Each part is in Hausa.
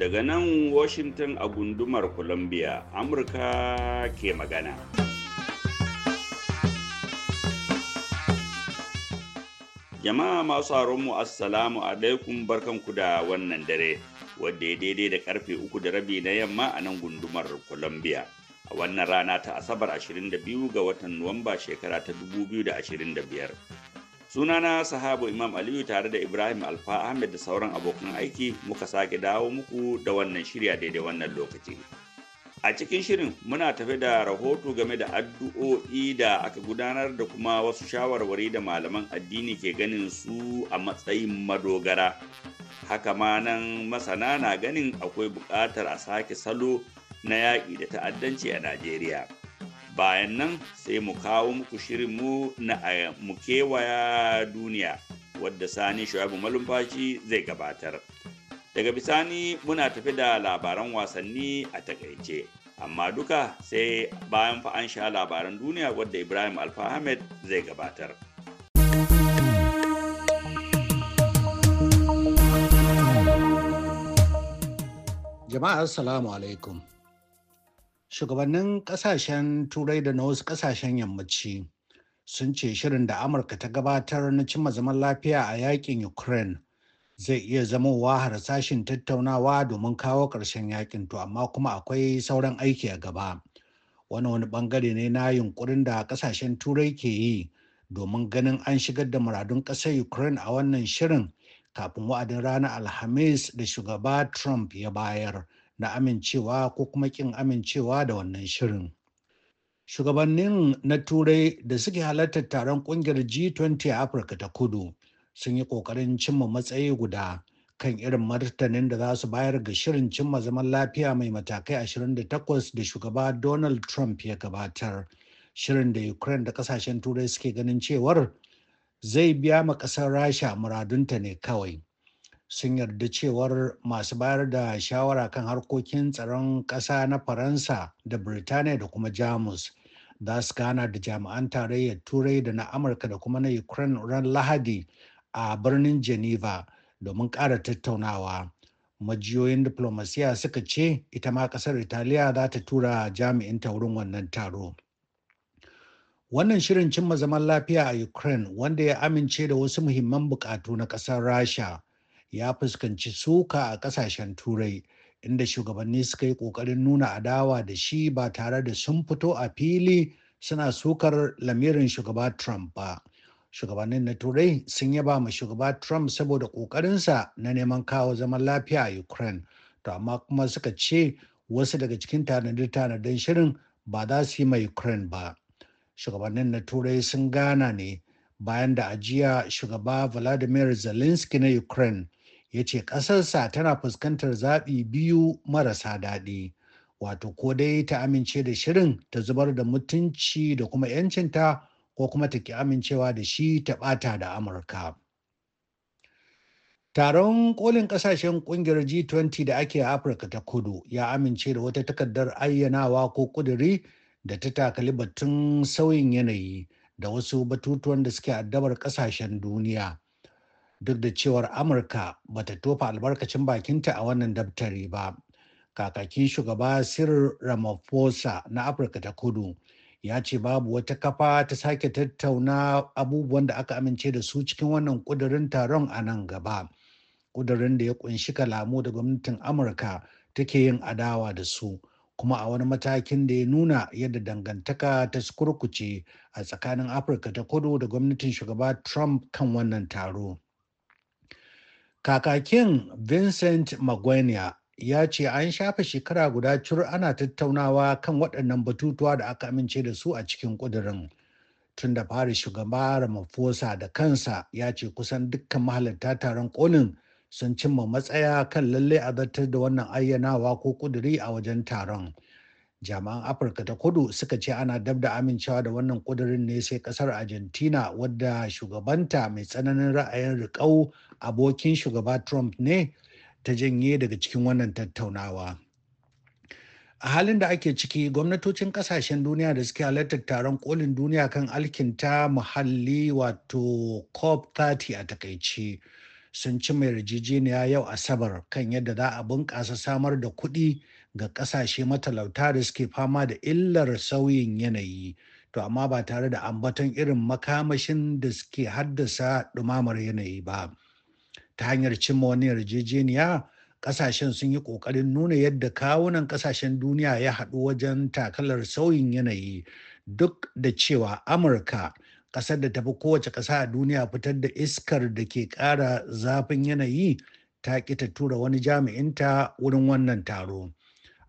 Daga nan Washington a gundumar Columbia, Amurka ke magana. Jama'a masu mu Assalamu alaikum barkanku da wannan dare, wadda ya daidai da karfe uku da rabi na yamma a nan gundumar Columbia. A wannan rana ta Asabar 22 ga watan Nuwamba shekara ta 2025. sunana sahabu imam aliyu tare da ibrahim alfa ahmed da sauran abokan aiki muka sake dawo muku da wannan shirya daidai wannan lokaci a cikin shirin muna tafi da rahoto game da addu'o'i da aka gudanar da kuma wasu shawarwari da malaman addini ke ganin su a matsayin madogara haka ma nan masana na ganin akwai buƙatar a sake salo na yaƙi da ta'addanci a najeriya bayan nan sai mu kawo muku shirin mu na eh, mu kewaya duniya wadda sani shu'abu malumfashi zai gabatar daga bisani muna tafi da labaran wasanni a takaice amma duka sai bayan fa an sha labaran duniya wadda ibrahim alfahamed zai gabatar jama'a assalamu alaikum shugabannin kasashen turai da na wasu kasashen yammaci sun ce shirin da amurka ta gabatar na cimma zaman lafiya a yakin ukraine zai iya zamowa harsashin tattaunawa domin kawo ƙarshen yakin to amma kuma akwai sauran aiki a gaba wani wani bangare ne na yunkurin da kasashen turai ke yi domin ganin an shigar da muradun ƙasar ukraine a wannan shirin kafin wa'adin ranar alhamis da shugaba trump ya bayar na amincewa ko kuma kin amincewa da wannan shirin. Shugabannin na Turai da suke halartar taron kungiyar G20 a Afirka ta kudu sun yi ƙoƙarin cimma matsayi guda kan irin martanin da za su bayar ga shirin cimma zaman lafiya mai matakai 28 da shugaba Donald Trump ya gabatar. Shirin da Ukraine da kasashen Turai suke ganin cewar zai biya ma ƙasar Rasha muradunta ne kawai. sun yarda cewar masu bayar da shawara kan harkokin tsaron ƙasa na faransa da birtaniya da kuma jamus za su gana da jami'an tarayyar turai da na amurka da kuma na ukraine ran lahadi a birnin geneva domin ƙara tattaunawa majiyoyin diplomasiya suka ce ita ma ƙasar italiya za ta tura jami'in wurin wannan taro wannan shirin cimma zaman lafiya a ukraine wanda ya amince da wasu muhimman bukatu na ƙasar rasha ya fuskanci suka a kasashen turai inda shugabanni suka yi ƙoƙarin nuna adawa da shi ba tare da sun fito a fili suna sukar lamirin shugaba Trump ba. Shugabannin na Turai sun yaba ma shugaba Trump saboda ƙoƙarinsa na neman kawo zaman lafiya a Ukraine, to amma kuma suka ce wasu daga cikin tanade-tanaden shirin ba za su yi ma Ukraine ba. Shugabannin na Turai sun gana ne bayan da ajiya shugaba Vladimir Zelensky na Ukraine ya ce ƙasarsa tana fuskantar zaɓi biyu marasa daɗi. Wato ko dai ta amince da shirin ta zubar da mutunci da kuma 'yancinta ko kuma ta ki amincewa da shi ta ɓata da Amurka. Taron kolin kasashen kungiyar G20 da ake a Afirka ta kudu ya amince da wata takardar ayyanawa ko ƙuduri da ta takali batun sauyin yanayi da wasu batutuwan da suke addabar kasashen duniya duk da cewar amurka bata tofa albarkacin bakinta a wannan daftari ba kakakin shugaba sir ramaphosa na afirka ta kudu ya ce babu wata kafa ta sake tattauna abubuwan da aka amince da su cikin wannan kudurin taron a nan gaba kudurin da ya kunshi kalamu da gwamnatin amurka take yin adawa da su kuma a wani matakin da ya nuna yadda dangantaka ta kurkuce a tsakanin afirka ta kudu da gwamnatin shugaba trump kan wannan taro kakakin vincent maguania ya ce an shafe shekara guda cur ana tattaunawa kan waɗannan batutuwa da aka amince da su a cikin ƙudurin tun da fari shugaba ramaphosa da kansa ya ce kusan dukkan mahalarta taron kolin sun cimma matsaya kan lalle a zartar da wannan ayyanawa ko kuduri a wajen taron jami'an afirka ta kudu suka ce ana dab da amincewa da wannan kudurin ne sai kasar argentina wadda shugabanta mai tsananin ra'ayin riƙau abokin shugaba trump ne ta janye daga cikin wannan tattaunawa a halin da ake ciki gwamnatocin kasashen duniya da suke halartar taron kolin duniya kan alkinta muhalli wato cop 30 a takaici sun ci mai yarjejeniya yau asabar kan yadda za a bunƙasa samar da kuɗi ga ƙasashe matalauta da suke fama da illar sauyin yanayi to amma ba tare da ambaton irin makamashin da suke haddasa dumamar yanayi ba ta hanyar cimma wani yarjejeniya ƙasashen sun yi ƙoƙarin nuna yadda kawunan ƙasashen duniya ya haɗu wajen takalar sauyin yanayi duk da cewa amurka kasar da tafi kowace ƙasa a duniya fitar da iskar da ke ƙara zafin yanayi ta ƙi ta tura wani jami'inta wurin wannan taro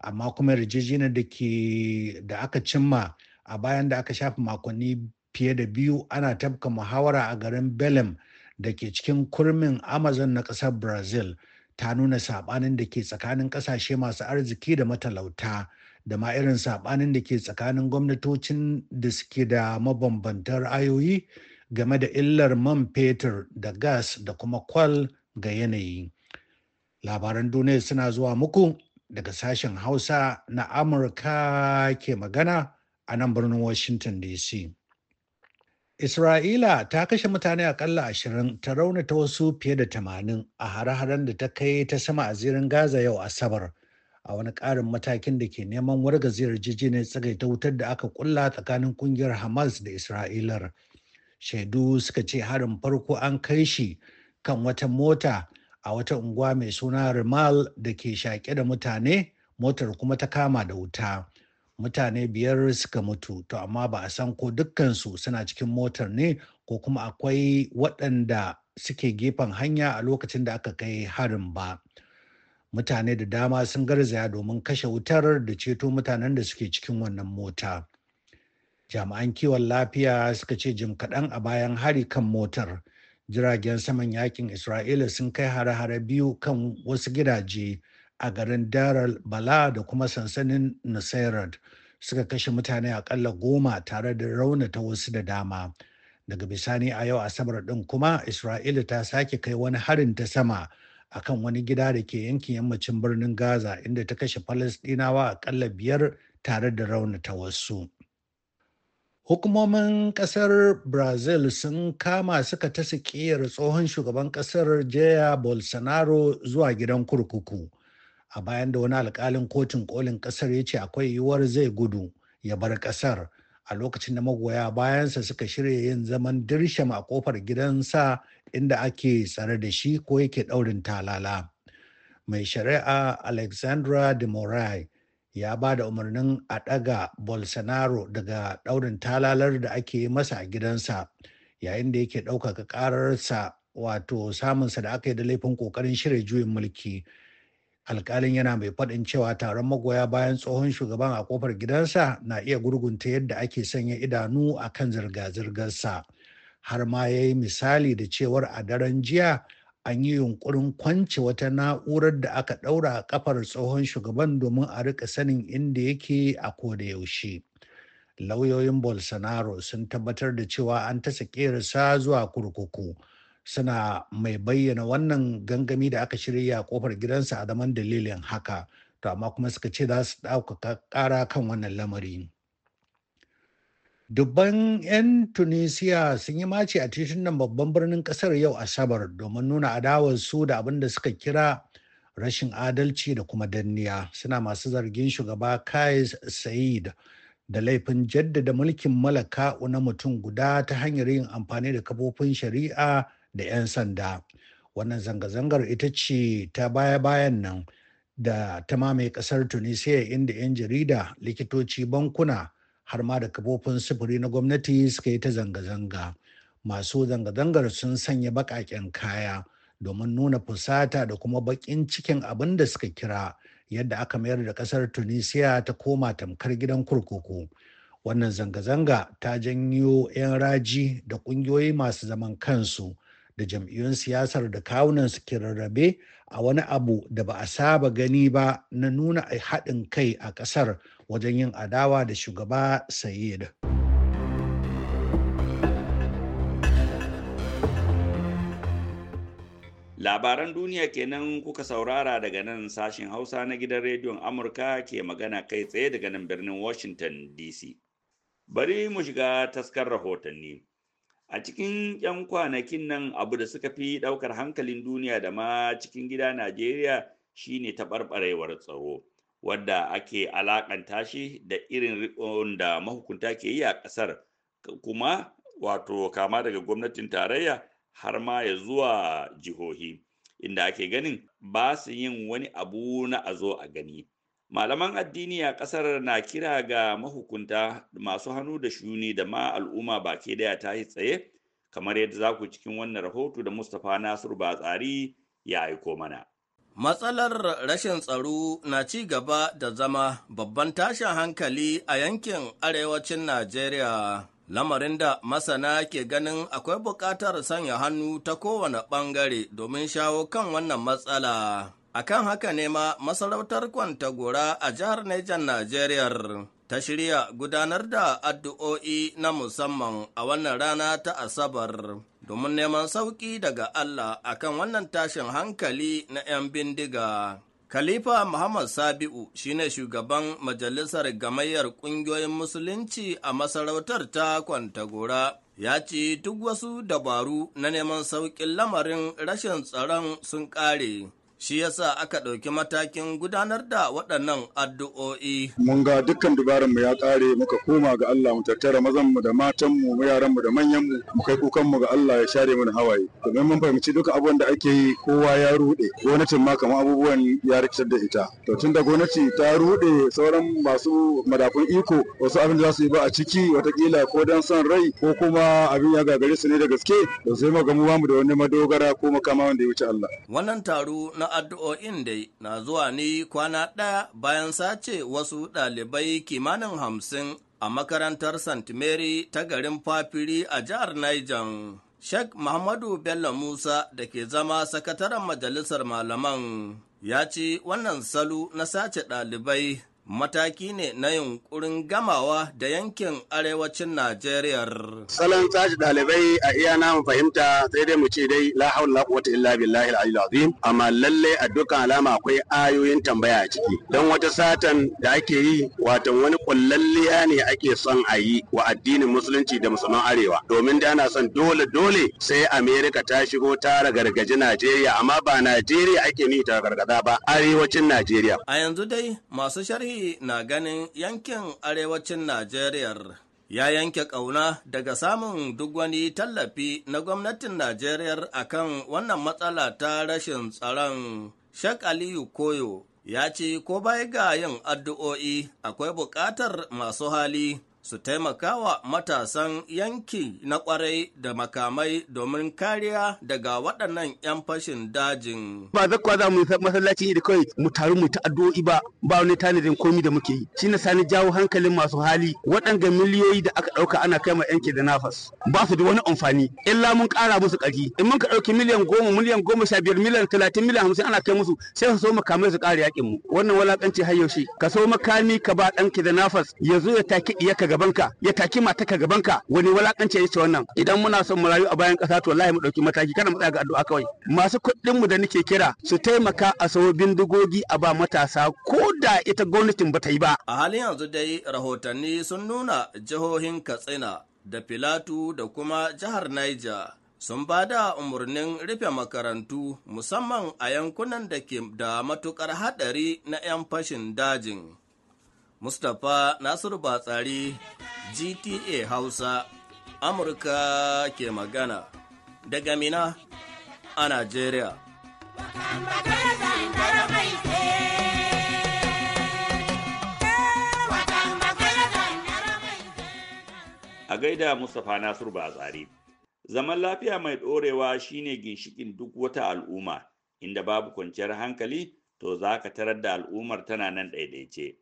amma kuma yarjejeniyar da ke da aka cimma a bayan da aka shafi makonni fiye da biyu ana tafka muhawara a garin belem da ke cikin kurmin amazon na ƙasar brazil ta nuna saɓanin da ke tsakanin ƙasashe masu arziki da matalauta da ma irin saɓanin da ke tsakanin gwamnatocin da suke da mabambantar ayoyi, game da illar man fetur da gas da kuma kwal ga yanayi. Labaran duniya suna zuwa muku daga sashen Hausa na Amurka ke magana a nan birnin Washington DC. Isra'ila ta kashe mutane akalla ashirin ta raunata wasu fiye da tamanin a hare-haren da ta kai ta sama a zirin Gaza yau Asabar a wani ƙarin matakin da ke neman ne yarjejeniyar ta wutar da aka kulla tsakanin kungiyar hamas da isra'ilar shaidu suka ce harin farko an kai shi kan wata mota a wata unguwa mai suna rimal da ke shaƙe da mutane motar kuma ta kama da wuta mutane biyar suka mutu to amma ba a san ko dukkansu suna cikin motar ne ko kuma akwai waɗanda suke gefen hanya a lokacin da aka kai harin ba mutane da dama sun garzaya domin kashe wutar da ceto mutanen da suke cikin wannan mota jami'an kiwon lafiya suka ce jim kaɗan a bayan hari kan motar jiragen saman yakin isra'ila sun kai hare-hare biyu kan wasu gidaje a garin daral bala da kuma sansanin nusairat suka kashe mutane aƙalla goma tare da raunata wasu da dama daga bisani a yau asabar ɗin kuma isra'ila ta sake kai wani harin ta sama akan wani gida da ke yankin yammacin birnin Gaza inda ta kashe Falasɗinawa aƙalla biyar tare da raunata wasu. Hukumomin ƙasar Brazil sun kama suka ta sikiyar tsohon shugaban ƙasar Jaya Bolsonaro zuwa gidan kurkuku. A bayan da wani alƙalin kotun kolin ƙasar ya ce akwai yiwuwar zai gudu ya bar ƙasar. a lokacin da magoya bayansa suka shirya yin zaman dirsham a kofar gidansa inda ake tsare da shi ko yake daurin talala. Mai shari'a Alexandra de Morai ya ba da umarnin a ɗaga Bolsonaro daga ɗaurin talalar da ake masa a gidansa yayin da yake ɗaukaka ƙararsa wato samunsa da aka yi da laifin ƙoƙarin shirya juyin mulki. alkalin yana mai faɗin cewa taron magoya bayan tsohon shugaban a kofar gidansa na iya gurgunta yadda ake sanya idanu a kan zirga-zirgarsa har ma ya yi misali da cewar a daren jiya an yi yunkurin kwance wata na'urar da aka ɗaura a kafar tsohon shugaban domin a rika sanin inda yake a ko da yaushe lauyoyin bolsonaro sun tabbatar da cewa an tasa ƙerarsa zuwa kurkuku suna mai bayyana wannan gangami da aka shirya a kofar gidansa a zaman dalilin haka to amma kuma suka ce za su ɗaukaka ƙara kan wannan lamari dubban 'yan tunisia sun yi mace a titunan babban birnin ƙasar yau asabar domin nuna adawarsu da abin da suka kira rashin adalci da kuma danniya suna masu zargin shugaba kais sa'id da laifin jaddada mulkin malaka na mutum guda ta hanyar yin amfani da kafofin shari'a da 'yan sanda wannan zanga-zangar ita ce ta baya-bayan nan da ta mamaye kasar tunisia inda 'yan jarida likitoci bankuna har ma da kafofin sufuri na gwamnati suka yi ta zanga-zanga masu zanga-zangar sun sanya baƙaƙen kaya domin nuna fusata da kuma baƙin cikin abin da suka kira yadda aka mayar da kasar tunisia ta koma tamkar gidan kurkuku wannan zanga-zanga ta janyo 'yan raji da ƙungiyoyi masu zaman kansu da jam'iyyun siyasar da kawunan su ke rarrabe a wani abu da ba a saba gani ba na nuna a haɗin kai a ƙasar wajen yin adawa da shugaba sayid. Labaran duniya kenan kuka saurara daga nan sashen Hausa na gidan rediyon Amurka ke magana kai tsaye daga nan birnin Washington DC. Bari mu shiga taskar rahotanni. A cikin 'yan kwanakin nan abu da suka fi ɗaukar hankalin duniya da ma cikin gida Najeriya shine taɓarɓarewar tsaro, wadda ake alaƙanta shi da irin riƙon da mahukunta ke yi a ƙasar, kuma wato kama daga gwamnatin tarayya har ma ya zuwa jihohi, inda ake ganin ba su yin wani abu na a zo a gani. malaman addini a ƙasar na kira ga mahukunta masu hannu da shuni da ma al'umma baki daya ta yi tsaye kamar yadda za ku cikin wannan rahoto da mustapha nasiru batsari ya aiko mana Matsalar rashin tsaro na ci gaba da zama babban tashin hankali a yankin arewacin Najeriya. Lamarin da masana ke ganin akwai buƙatar sanya hannu ta kowane ɓangare domin shawo kan wannan matsala. A kan haka ne ma masarautar Kwantagora a jihar Nijar Najeriya ta shirya gudanar da addu'o'i na musamman a wannan rana ta Asabar domin neman sauƙi daga Allah a kan wannan tashin hankali na ‘yan bindiga. Khalifa Muhammad Sabi'u shi ne shugaban majalisar gamayyar ƙungiyoyin musulunci a masarautar ta Kwantagora. Ya ce duk wasu dabaru na neman sauƙin lamarin rashin tsaron sun ƙare. shi yasa aka ɗauki matakin gudanar da waɗannan addu'o'i. Mun ga dukkan mu ya ƙare muka koma ga Allah mu tattara mazan mu, da matan mu mu yaran mu, da manyan mu mu kai mu ga Allah ya share mana hawaye. Domin mun fahimci duka abubuwan da ake yi kowa ya ruɗe gwamnatin ma kamar abubuwan ya rikitar da ita. To tun da gwamnati ta ruɗe sauran masu madafun iko wasu abin da za su yi ba a ciki watakila ko dan son rai ko kuma abin ya gagare su ne da gaske to sai mu ga mu da wani madogara ko makama wanda ya wuce Allah. Wannan taro na addu'o'in dai na zuwa ni kwana ɗaya bayan sace wasu ɗalibai kimanin hamsin a makarantar St. Mary ta garin Fafiri a jihar Niger. Sheikh Muhammadu Bello Musa da ke zama sakataren majalisar malaman ya ce wannan salu na sace ɗalibai mataki ne na yunkurin gamawa da yankin arewacin Najeriya. Salon tashi ɗalibai a iya namu fahimta sai dai mu ce dai la haula la quwwata illa billahi al azim amma lalle a dukkan alama akwai ayoyin tambaya a ciki dan wata satan da ake yi wato wani kullalliya ne ake son a yi wa addinin musulunci da musulman arewa domin da ana son dole dole sai Amerika ta shigo ta ragargaji Najeriya amma ba Najeriya ake ni ta gargada ba arewacin Najeriya. A yanzu dai masu sharhi na ganin yankin arewacin Najeriya ya yanke ƙauna daga samun duk wani tallafi na gwamnatin Najeriya akan wannan matsala ta rashin tsaron. Shek Aliyu Koyo ya ce ko bai ga yin addu'o'i akwai buƙatar masu hali su taimakawa matasan yanki na kwarai da makamai domin kariya daga waɗannan 'yan fashin dajin. Ba zakwa za mu masallaci da kawai mu taru mu ta addu'o'i ba ba wani tanadin komi da muke yi. Shi na sani jawo hankalin masu hali waɗanda miliyoyi da aka ɗauka ana kai ma yanki da nafas ba su da wani amfani. Illa mun ƙara musu ƙarfi. In mun ka ɗauki miliyan goma miliyan goma sha biyar miliyan talatin miliyan hamsin ana kai musu sai su so makamai su ƙara yaƙin mu. Wannan walaƙanci har yaushe. Ka so makami ka ba ɗanki da nafas ya zo ya take ka gabanka ya taki matarka gabanka wani walakanci ya ce wannan idan muna son mu rayu a bayan ƙasa to wallahi mu dauki mataki kana mu tsaya ga addu'a kawai masu kuɗin mu da nake kira su taimaka a sawo bindigogi a ba matasa ko da ita gwamnatin ba ta yi ba a halin yanzu dai rahotanni sun nuna jihohin Katsina da Filatu da kuma jihar Niger sun ba da umarnin rufe makarantu musamman a yankunan da ke da matukar haɗari na 'yan fashin dajin. Mustapha Nasiru Batsari GTA Hausa Amurka ke magana daga Mina a Najeriya. A gaida Mustapha Nasiru Batsari. Zaman lafiya mai ɗorewa shine ginshikin duk wata al'umma, inda babu kwanciyar hankali to za ka tarar da al'ummar tana nan ɗaiɗaice.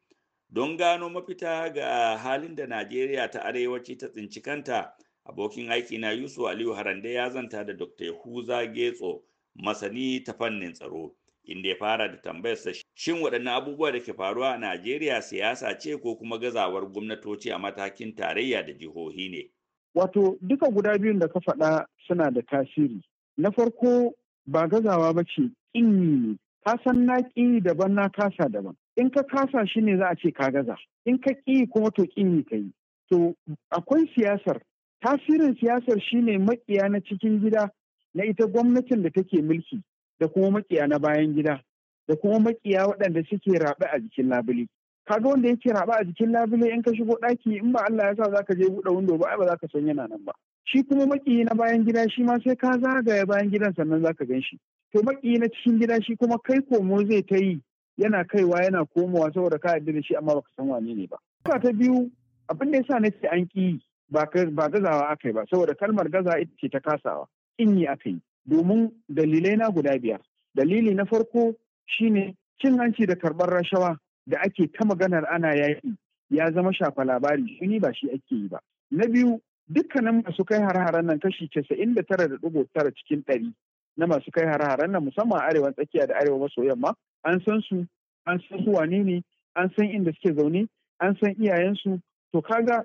don gano mafita ga halin da najeriya ta arewaci ta tsinci kanta abokin aiki na yusuf aliyu harande ya zanta da dr yahuza getso masani ta fannin tsaro inda ya fara da tambayar tambayarsa shin waɗannan abubuwa da ke faruwa a najeriya siyasa ce ko kuma gazawar gwamnatoci a matakin tarayya da jihohi ne wato duka guda biyun da ka faɗa suna da tasiri na farko ba gazawa ba ce ƙinyi ne kasan na ƙi daban na kasa daban in ka kasa shi ne za a ce ka gaza in ka ƙi kuma to ƙi ka yi to akwai siyasar tasirin siyasar shi ne makiya na cikin gida na ita gwamnatin da take mulki da kuma makiya na bayan gida da kuma maƙiya waɗanda suke raɓe a jikin labule kaga wanda yake raɓe a jikin labule in ka shigo ɗaki in ba Allah ya sa za ka je buɗe windo ba ai ba za ka san yana nan ba shi kuma maƙiyi na bayan gida shi ma sai ka zagaya bayan gidan sannan zaka gan shi to maƙiyi na cikin gida shi kuma kai komo zai ta yi yana kaiwa yana komowa saboda ka yarda da shi amma baka san wane ne ba Kuka ta biyu abin da yasa nace an ki ba gazawa aka yi ba saboda kalmar gaza ita ce ta kasawa kin yi aka yi domin dalilai na guda biyar dalili na farko shine cin hanci da karɓar rashawa da ake ta maganar ana yaƙi ya zama shafa labari shi ba shi ake yi ba na biyu dukkanin masu kai har-haren nan kashi casa'in da tara da dubu tara cikin ɗari na masu kai hare-haren nan musamman arewa tsakiya da arewa maso yamma an san su an san su wane ne an san inda suke zaune an san iyayensu to kaga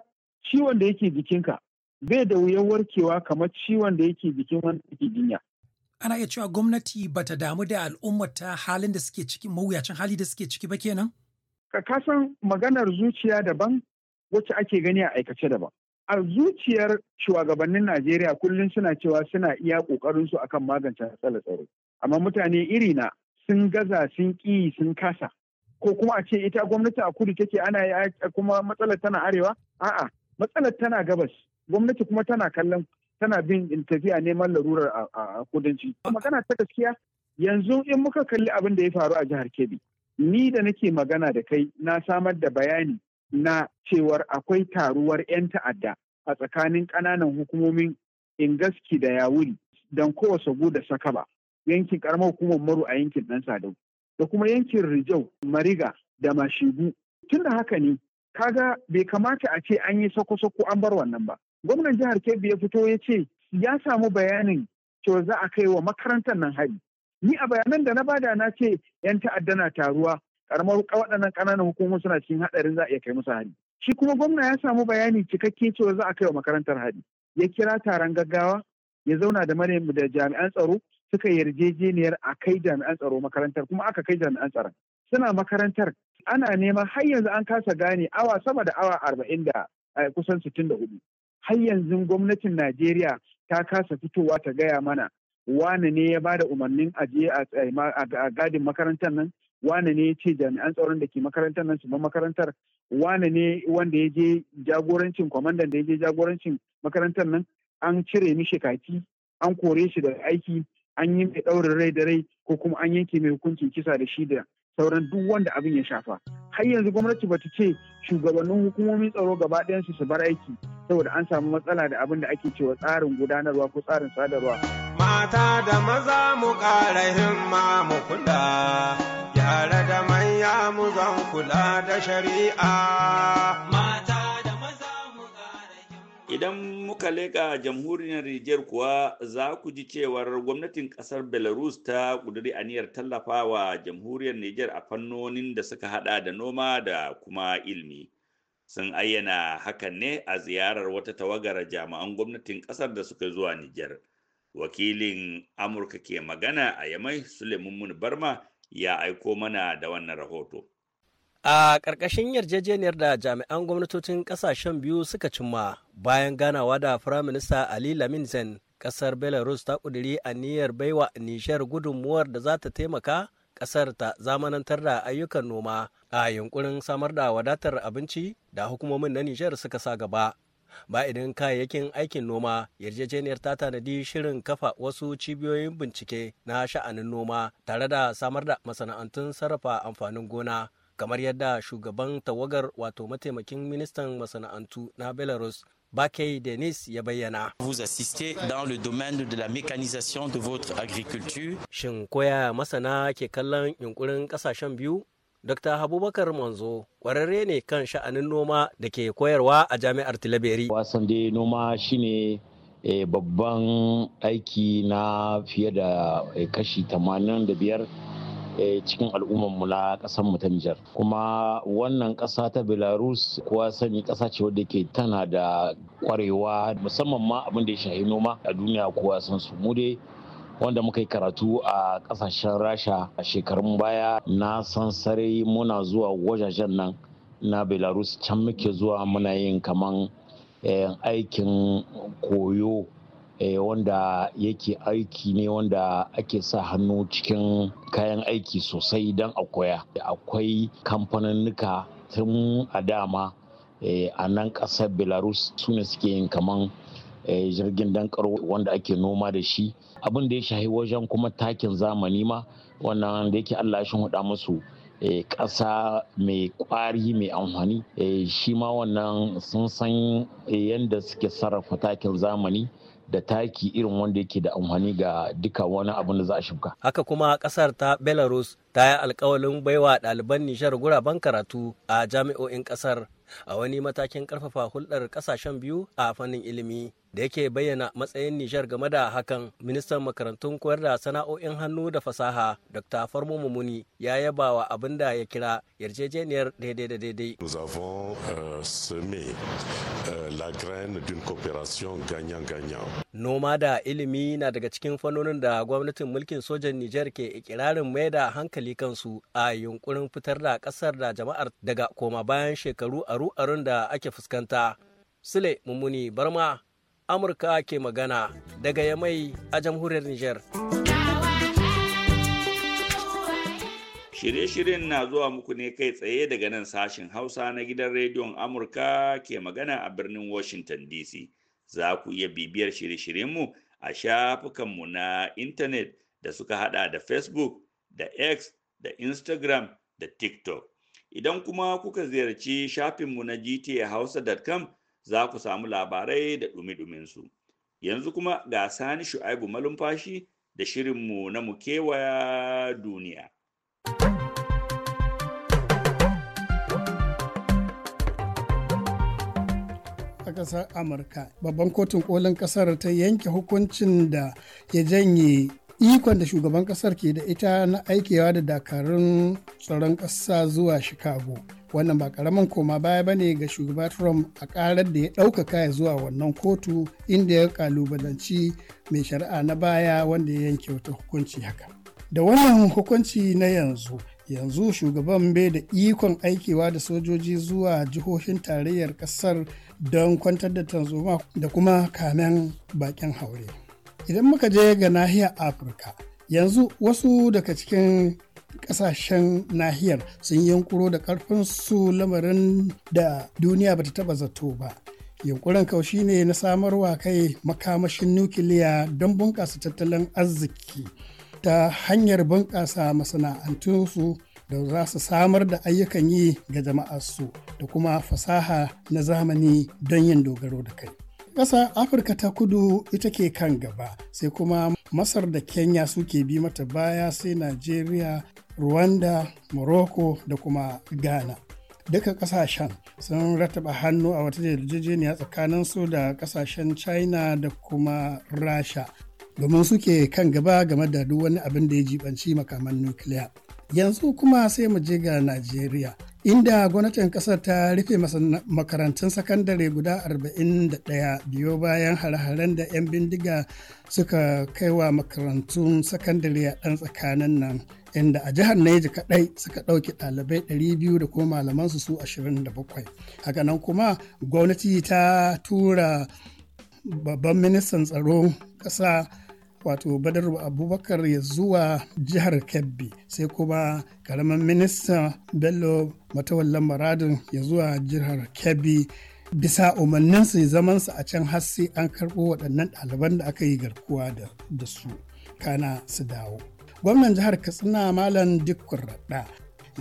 ciwon da yake jikinka bai da wuyan warkewa kamar ciwon da yake jikin wanda yake jinya ana iya cewa gwamnati bata damu da al'ummata ta halin da suke ciki mawuyacin hali da suke ciki ba kenan ka kasan maganar zuciya daban wacce ake gani a aikace daban a zuciyar shugabannin Najeriya kullum suna cewa suna iya kokarin ƙoƙarinsu akan magance matsalar tsaro. Amma mutane iri na sun gaza sun ƙi sun kasa. Ko kuma a ce ita gwamnati a kudu take ana kuma matsalar tana arewa? A'a, matsalar tana gabas. Gwamnati kuma tana kallon tana bin tafiya neman larurar a kudanci. Magana ta gaskiya yanzu in muka kalli abin da ya faru a jihar Kebbi. Ni da nake magana da kai na samar da bayani na cewar akwai taruwar 'yan ta'adda a tsakanin ƙananan hukumomin ingaski da yawuri don kowace guda sakaba yankin karamar hukumar maru a yankin ɗan sadau da kuma yankin rijau mariga da mashigu tun da haka ne kaga bai kamata a ce an yi sako-sako an bar wannan ba gwamnan jihar kebbi ya fito ya ce ya samu bayanin cewa za a kai wa makarantar nan hari ni a bayanan da na bada na ce 'yan ta'adda na taruwa karamar waɗannan ƙananan hukumomi suna cikin haɗarin za a iya kai musu hari shi kuma gwamna ya samu bayani cikakke cewa za a kai wa makarantar hari ya kira taron gaggawa ya zauna da maryam da jami'an tsaro suka yarjejeniyar a kai jami'an tsaro makarantar kuma aka kai jami'an tsaron suna makarantar ana neman har yanzu an kasa gane awa sama da awa arba'in da eh, kusan sittin da hudu har yanzu gwamnatin najeriya ta kasa fitowa ta gaya mana wane ne ya bada umarnin a gadin makarantar nan wane ne ya ce jami'an tsaron da ke makarantar nan su makarantar wane ne wanda ya je jagorancin kwamandan da ya je jagorancin makarantar nan an cire mishi kaki an kore shi daga aiki an yi mai ɗaurin rai da rai ko kuma an yanke mai hukuncin kisa da shi da sauran duk wanda abin ya shafa har yanzu gwamnati ba ta ce shugabannin hukumomin tsaro gaba ɗayan su su bar aiki saboda an samu matsala da abin da ake cewa tsarin gudanarwa ko tsarin sadarwa. mata da maza mu ƙara himma mu kula, yara da manya mu zan kula da shari'a. Mata da maza mu Idan muka leƙa jamhuriyar Nijar kuwa za ku ji cewar gwamnatin ƙasar Belarus ta ƙuduri aniyar tallafawa jamhuriyar Nijar a fannonin da suka haɗa da noma da kuma ilmi. sun ayyana hakan ne a ziyarar wata tawagar jami'an gwamnatin ƙasar da suka zuwa Nijar. wakilin amurka ke magana a yamai suleiman barma ya aiko mana da wannan rahoto a ƙarƙashin yarjejeniyar da jami'an gwamnatocin ƙasashen biyu suka cimma bayan ganawa da firaminista ali lamin zen ƙasar belarus ta ƙudiri niyyar baiwa nishar gudunmuwar da za ta taimaka ƙasar ta zamanantar da ayyukan noma a yunkurin samar da wadatar abinci da hukumomin na nijar suka sa gaba ba idan kayayyakin aikin noma yarjejeniyar ta tanadi shirin kafa wasu cibiyoyin bincike na sha'anin noma tare da samar da masana'antun sarrafa amfanin gona kamar yadda shugaban tawagar wato mataimakin ministan masana'antu na belarus Bakay Denis ya bayyana. Vous assistez dans le domaine de la mécanisation de votre agriculture. Shin koya masana ke kallon yunkurin kasashen biyu Dr. Habubakar Manzo ƙwararre ne kan sha'anin noma da ke koyarwa a jami'ar Tilaberi. Wasan dai noma shine e, babban aiki na fiye da e, kashi 85 e, eh, cikin al'ummarmu na ƙasarmu ta Nijar. Kuma wannan ƙasa ta Belarus kuwa sani ƙasa ce wadda ke tana da ƙwarewa musamman ma abin da ya shahi noma a duniya kuwa san su mu wanda muka yi karatu a kasashen rasha a shekarun baya na san sarai muna zuwa wajajen nan na belarus can muke zuwa muna yin kaman eh, aikin koyo eh, wanda yake aiki ne wanda ake sa hannu cikin kayan aiki sosai don a koya akwai kamfaninnika tun a dama eh, a nan kasar belarus su ne suke yin kaman Eh, jirgin dankar wanda ake noma da shi abin da ya shahi wajen kuma takin zamani ma wannan da yake allah shi huda musu eh, ƙasa mai ƙwari mai amfani eh, shi ma wannan sun san yadda suke sarrafa takin zamani da taki irin wanda yake da amfani ga duka wani abin da za a shuka. Haka kuma kasar ta Belarus ta yi alkawalin baiwa ɗaliban Nijar guraben karatu a jami'o'in kasar a wani matakin ƙarfafa hulɗar ƙasashen biyu a fannin ilimi. da yake bayyana matsayin Nijar game da hakan ministan makarantun koyar da sana'o'in hannu da fasaha Dr. Farmo Mumuni ya yaba wa abin da ya kira yarjejeniyar daidai da daidai. Nous avons euh, semé euh, la graine d'une coopération gagnant-gagnant. Noma da ilimi na daga cikin fannonin da gwamnatin mulkin sojan Nijar ke ikirarin mai da hankali kansu a yunkurin fitar da kasar da jama'ar daga koma bayan shekaru aru-arun da ake fuskanta. Sule Mummuni Barma Amurka ke magana daga Yamai a jamhuriyar Nijar. Shirye-shiryen na zuwa muku ne kai tsaye daga nan sashen Hausa na gidan rediyon Amurka ke magana a birnin Washington DC. Za ku iya bibiyar shirye-shiryenmu a shafukanmu na intanet da suka hada da Facebook, da X, da Instagram, da TikTok. Idan kuma kuka ziyarci shafinmu na gtahausa.com za ku samu labarai da ɗumi-ɗuminsu. Yanzu kuma ga Sani Shu'aibu Malumfashi da shirinmu na mu kewaya duniya. a ƙasar amurka babban kotun kolin ƙasar ta yanke hukuncin da ya janye ikon da shugaban kasar ke da ita na aikewa da dakarun tsaron ƙasa zuwa chicago wannan ba karamin koma baya bane ga shugaba trump a karar da ya ɗaukaka ya zuwa wannan kotu inda ya kalubalanci mai shari'a na baya wanda ya yanke wata hukunci haka da wannan hukunci na yanzu yanzu shugaban bai da ikon aikewa da sojoji zuwa jihohin tarayyar kasar don kwantar da tanzoma da kuma kamen bakin haure. Idan muka je ga nahiyar Afirka, yanzu wasu daga cikin kasashen nahiyar sun yankuro da su lamarin da duniya ba ta taba zato ba. Yunkurin shi ne na samarwa kai makamashin nukiliya don bunƙasa tattalin arziki ta hanyar bunƙasa masana'antunsu da za su samar da ayyukan yi ga jama'arsu da kuma fasaha na zamani don yin dogaro da kai. ƙasa afirka ta kudu ita ke kan gaba sai kuma masar da kenya suke bi mata baya sai nigeria rwanda morocco da kuma ghana duka kasashen sun rataba hannu a wata yarjejeniya tsakanin su da kasashen china da kuma rasha domin suke kan gaba game da duk wani abin da ya jibanci makaman nukiliya yanzu kuma sai mu je ga najeriya inda gwamnatin kasar ta rufe makarantun sakandare guda 41 biyo bayan hare-haren da 'yan bindiga suka kaiwa makarantun sakandare a ɗan tsakanin nan inda a jihar Neja kaɗai suka ɗauki ɗalibai 200 da kuma malamansu su 27 hakanan kuma gwamnati ta tura babban ministan tsaron ƙasa wato badar abubakar ya zuwa jihar kebbi sai kuma karamin minista bello matawallan maradin ya zuwa jihar kebbi bisa umarnin su zamansa a can har sai an karɓo waɗannan ɗaliban da aka yi garkuwa da su kana su dawo gwamnan jihar katsina malam dukkan raɗa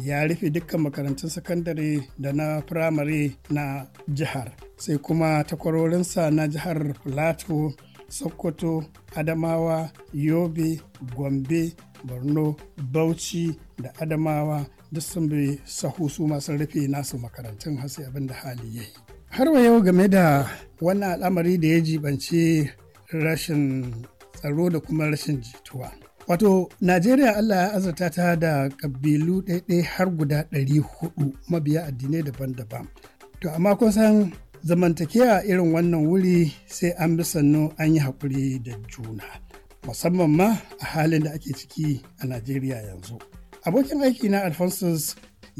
ya rufe dukkan makarantun sakandare da na firamare na jihar sai kuma takwarorinsa na jihar plateau sokoto adamawa yobe gombe borno bauchi da adamawa duk sun bi sahu su masu rufe nasu makarantun hasi abinda hali yayi har wa yau game da wannan al'amari da ya jibanci rashin tsaro da kuma rashin jituwa Wato, Najeriya Allah ya azurta ta da kabilu ɗaiɗai har guda ɗari hudu mabiya addinai daban-daban. To, amma kun san zamantakewa irin wannan wuri sai an bi sannu an yi haƙuri da juna musamman ma a halin da ake ciki a najeriya yanzu abokin aiki na alphonsus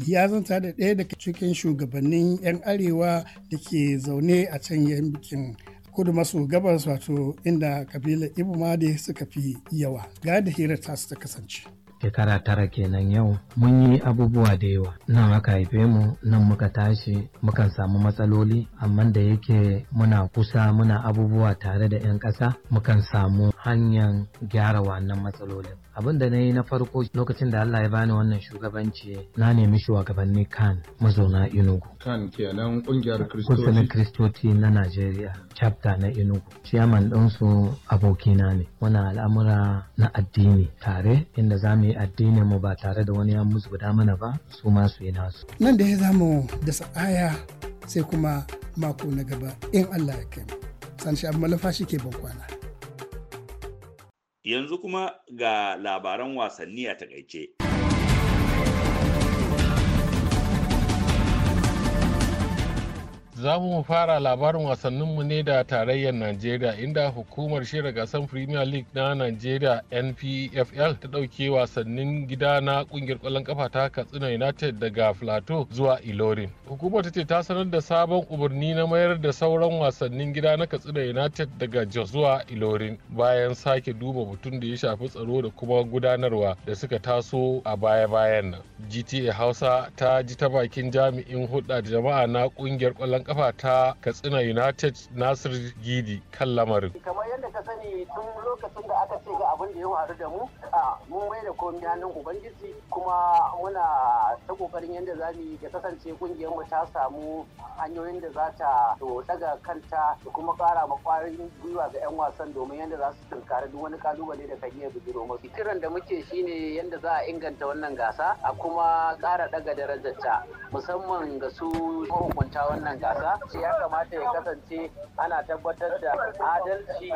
ya zanta da ɗaya daga cikin shugabannin 'yan arewa da ke zaune a can yan bikin kudu maso gabas wato inda kabilar ibumade suka fi yawa ga da hirar tasu ta kasance shekara tara kenan yau mun yi abubuwa da yawa nan aka haife mu nan muka tashi mukan samu matsaloli amma da yake muna kusa muna abubuwa tare da 'yan ƙasa mukan samu hanyar gyara wannan matsalolin abin da na yi na farko lokacin da Allah ya bani wannan shugabanci na nemi shugabanni kan mazauna Enugu. Kan kenan kungiyar Kristoci. Kusurin Kristoci na Najeriya chapter na Enugu. Chairman ɗinsu abokina ne. Muna al'amura na addini tare inda za mu yi addinin mu ba tare da wani ya guda mana ba su ma su yi nasu. Nan da ya zamu da sa'aya sai kuma mako na gaba in Allah ya kai. Sanshi abu malafa shi ke ban kwana. yanzu kuma ga labaran wasanni a takaice. za mu fara labarin wasanninmu ne da tarayyar najeriya inda hukumar shirya gasar premier league na najeriya npfl ta ɗauke wasannin gida na ƙungiyar kwallon kafa ta katsina united daga plateau zuwa ilorin hukumar ta ce ta sanar da sabon umarni na mayar da sauran wasannin gida na katsina united daga jos zuwa ilorin bayan sake duba mutum da ya shafi tsaro da kuma gudanarwa da suka taso a baya-bayan nan gta hausa ta ji ta bakin jami'in hulɗa da jama'a na ƙungiyar ƙwallon kafa ta katsina united nasir gidi kan lamarin kamar yadda ka sani tun lokacin da aka ce ga abin da ya faru da mu a mun mai da komai hannun ubangiji kuma muna ta kokarin yadda za mu ya kasance kungiyar mu ta samu hanyoyin da za ta daga kanta da kuma kara ma kwarin gwiwa ga yan wasan domin yadda za su tunkari duk wani kalubale da kan iya bijiro musu kiran da muke shine yadda za a inganta wannan gasa a kuma kara daga darajarta musamman ga su mahukunta wannan gasa haka ya kamata ya kasance ana tabbatar da adalci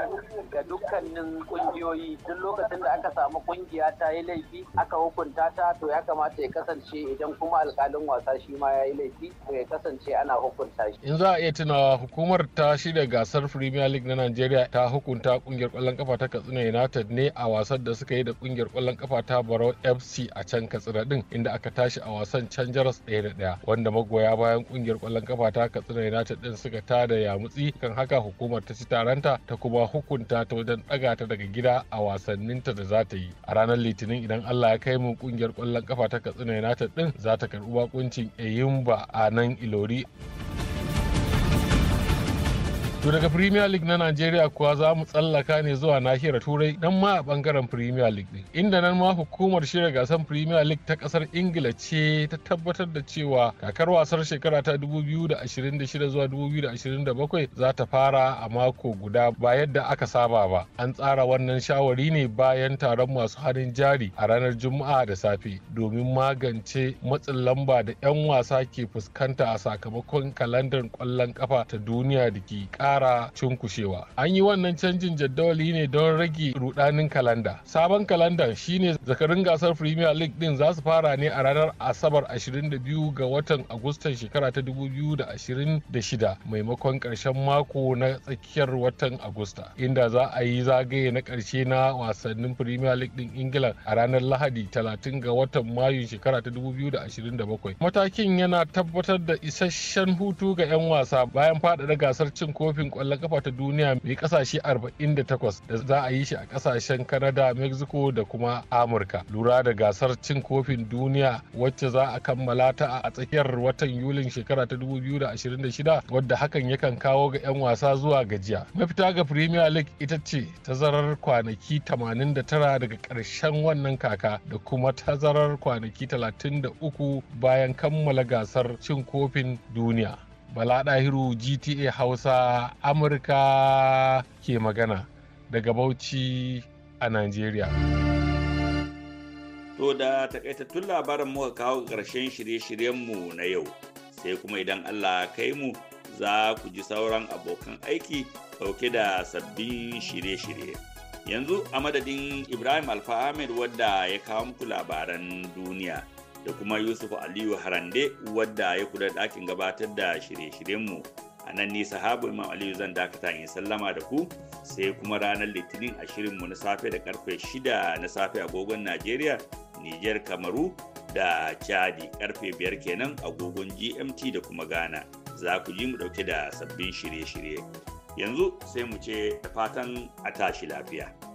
ga dukkanin kungiyoyi duk lokacin da aka samu kungiya ta yi laifi aka hukunta ta to ya kamata ya kasance idan kuma alkalin wasa shi ma ya yi laifi to ya kasance ana hukunta shi. in za a iya tunawa hukumar ta shirya gasar premier league na nigeria ta hukunta kungiyar kwallon kafa ta katsina united ne a wasan da suka yi da kungiyar kwallon kafa ta barau fc a can katsina din inda aka tashi a wasan can jaras ɗaya da ɗaya wanda magoya bayan kungiyar kwallon kafa ta katsina na United din suka tada yamutsi kan haka hukumar ta ci taranta ta kuma hukunta ta wajen ɗaga ta daga gida a wasannin ta da za ta yi. A ranar Litinin idan Allah ya kai mu kungiyar kwallon kafa ta Katsina United din za ta karɓi bakuncin Eyimba a nan Ilori. To daga Premier League na Najeriya kuwa za mu tsallaka ne zuwa nahiyar Turai dan ma a bangaren Premier League din. Inda nan ma hukumar shirya gasar Premier League ta kasar Ingila ce ta tabbatar da cewa kakar wasar shekara ta 2026 zuwa 2027 za ta fara a mako guda ba yadda aka saba ba. An tsara wannan shawari ne bayan taron masu hannun jari a ranar Juma'a da safe domin magance matsin lamba da 'yan wasa ke fuskanta a sakamakon kalandar kwallon kafa ta duniya da ke kara cunkushewa an yi wannan canjin jadawali ne don rage rudanin kalanda sabon kalanda shine zakarin gasar premier league din za su fara ne a ranar asabar 22 ga watan agustan shekara ta 2026 maimakon karshen mako na tsakiyar watan agusta inda za a yi zagaye na ƙarshe na wasannin premier league din ingila a ranar lahadi 30 ga watan mayu shekara ta 2027 matakin yana tabbatar da isasshen hutu ga 'yan wasa bayan faɗaɗa gasar cin kofi kofin kwallon kafa ta duniya mai kasashe 48 da za a yi shi a kasashen Canada, Mexico da kuma Amurka. Lura da gasar cin kofin duniya wacce za a kammala ta a tsakiyar watan Yulin shekara ta 2026 wadda hakan yakan kawo ga 'yan wasa zuwa gajiya. Mafita ga Premier League ita ce tazarar kwanaki 89 daga ƙarshen wannan kaka da kuma tazarar kwanaki 33 bayan kammala gasar cin kofin duniya. Bala Ɗahiru GTA Hausa Amurka ke magana daga Bauchi a Najeriya. To da takaitattun labaran muka kawo ƙarshen shirye-shiryenmu na yau, sai kuma idan Allah kai mu za ku ji sauran abokan aiki dauke da sabbin shirye-shirye. Yanzu a madadin Ibrahim Alfa Ahmed wadda ya kawo muku labaran duniya. da kuma Yusuf Aliyu Harande wadda ya kula ɗakin gabatar da shirye-shiryenmu. A nan ni sahabu Imam Aliyu zan dakata in sallama da ku sai kuma ranar Litinin a shirinmu na safe da karfe shida na safe agogon Najeriya, Nijar, Kamaru da Chadi karfe biyar kenan agogon GMT da kuma Ghana. Za ku ji mu ɗauke da sabbin shirye-shirye. Yanzu sai mu ce da fatan a tashi lafiya.